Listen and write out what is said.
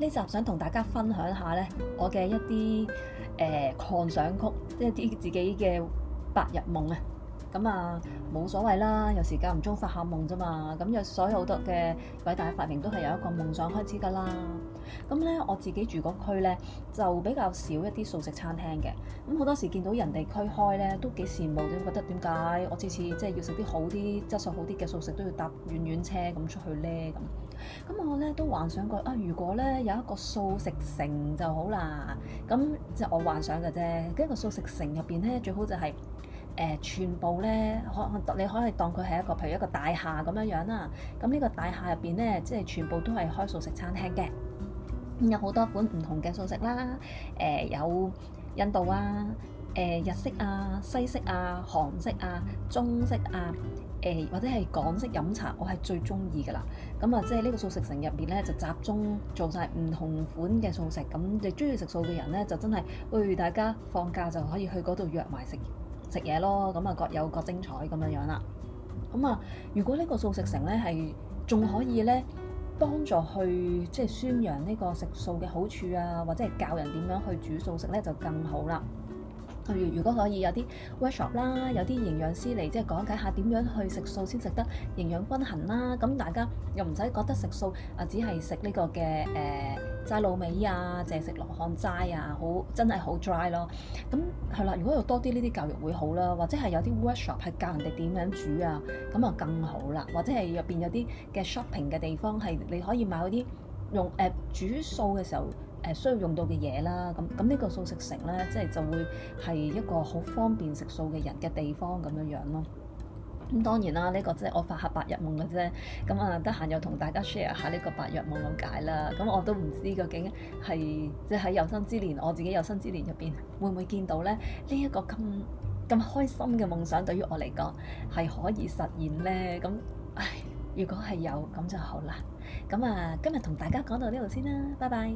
呢集想同大家分享下呢，我嘅一啲誒狂想曲，即係啲自己嘅白日夢啊！咁啊，冇所謂啦，有時間唔中發下夢咋嘛？咁有所有好多嘅偉大發明都係由一個夢想開始噶啦。咁咧、嗯，我自己住嗰區咧，就比較少一啲素食餐廳嘅。咁、嗯、好多時見到人哋區開咧，都幾羨慕嘅。覺得點解我次次即係要食啲好啲質素好啲嘅素食都要搭遠遠車咁出去咧？咁、嗯、咁、嗯嗯、我咧都幻想過啊。如果咧有一個素食城就好啦。咁即係我幻想嘅啫。咁個素食城入邊咧，最好就係、是、誒、呃、全部咧可你可以當佢係一個，譬如一個大廈咁樣樣啦。咁呢個大廈入邊咧，即、就、係、是、全部都係開素食餐廳嘅。有好多款唔同嘅素食啦，誒、呃、有印度啊、誒、呃、日式啊、西式啊、韓式啊、中式啊、誒、呃、或者係港式飲茶，我係最中意㗎啦。咁啊，即係呢個素食城入面咧，就集中做晒唔同款嘅素食。咁你中意食素嘅人咧，就真係，喂，大家放假就可以去嗰度約埋食食嘢咯。咁啊，各有各精彩咁樣樣啦。咁啊，如果呢個素食城咧係仲可以咧，幫助去即係宣揚呢個食素嘅好處啊，或者係教人點樣去煮素食咧就更好啦。如、嗯、如果可以有啲 workshop 啦，有啲營養師嚟即係講解下點樣去食素先食得營養均衡啦。咁大家又唔使覺得食素啊，只係食呢個嘅誒、呃齋老味啊，淨係食羅漢齋啊，好真係好 dry 咯。咁係啦，如果有多啲呢啲教育會好啦，或者係有啲 workshop 係教人哋點樣煮啊，咁啊更好啦。或者係入邊有啲嘅 shopping 嘅地方係你可以買嗰啲用誒、呃、煮素嘅時候誒需要用到嘅嘢啦。咁咁呢個素食城咧，即係就會係一個好方便食素嘅人嘅地方咁樣樣咯。咁當然啦，呢、這個即係我發下白日夢嘅啫。咁、嗯、啊，得閒又同大家 share 下呢個白日夢點解啦。咁、嗯、我都唔知究竟係即係有生之年，我自己有生之年入邊會唔會見到呢？呢、這、一個咁咁開心嘅夢想對於，對於我嚟講係可以實現呢。咁、嗯，如果係有咁就好啦。咁、嗯、啊，今日同大家講到呢度先啦，拜拜。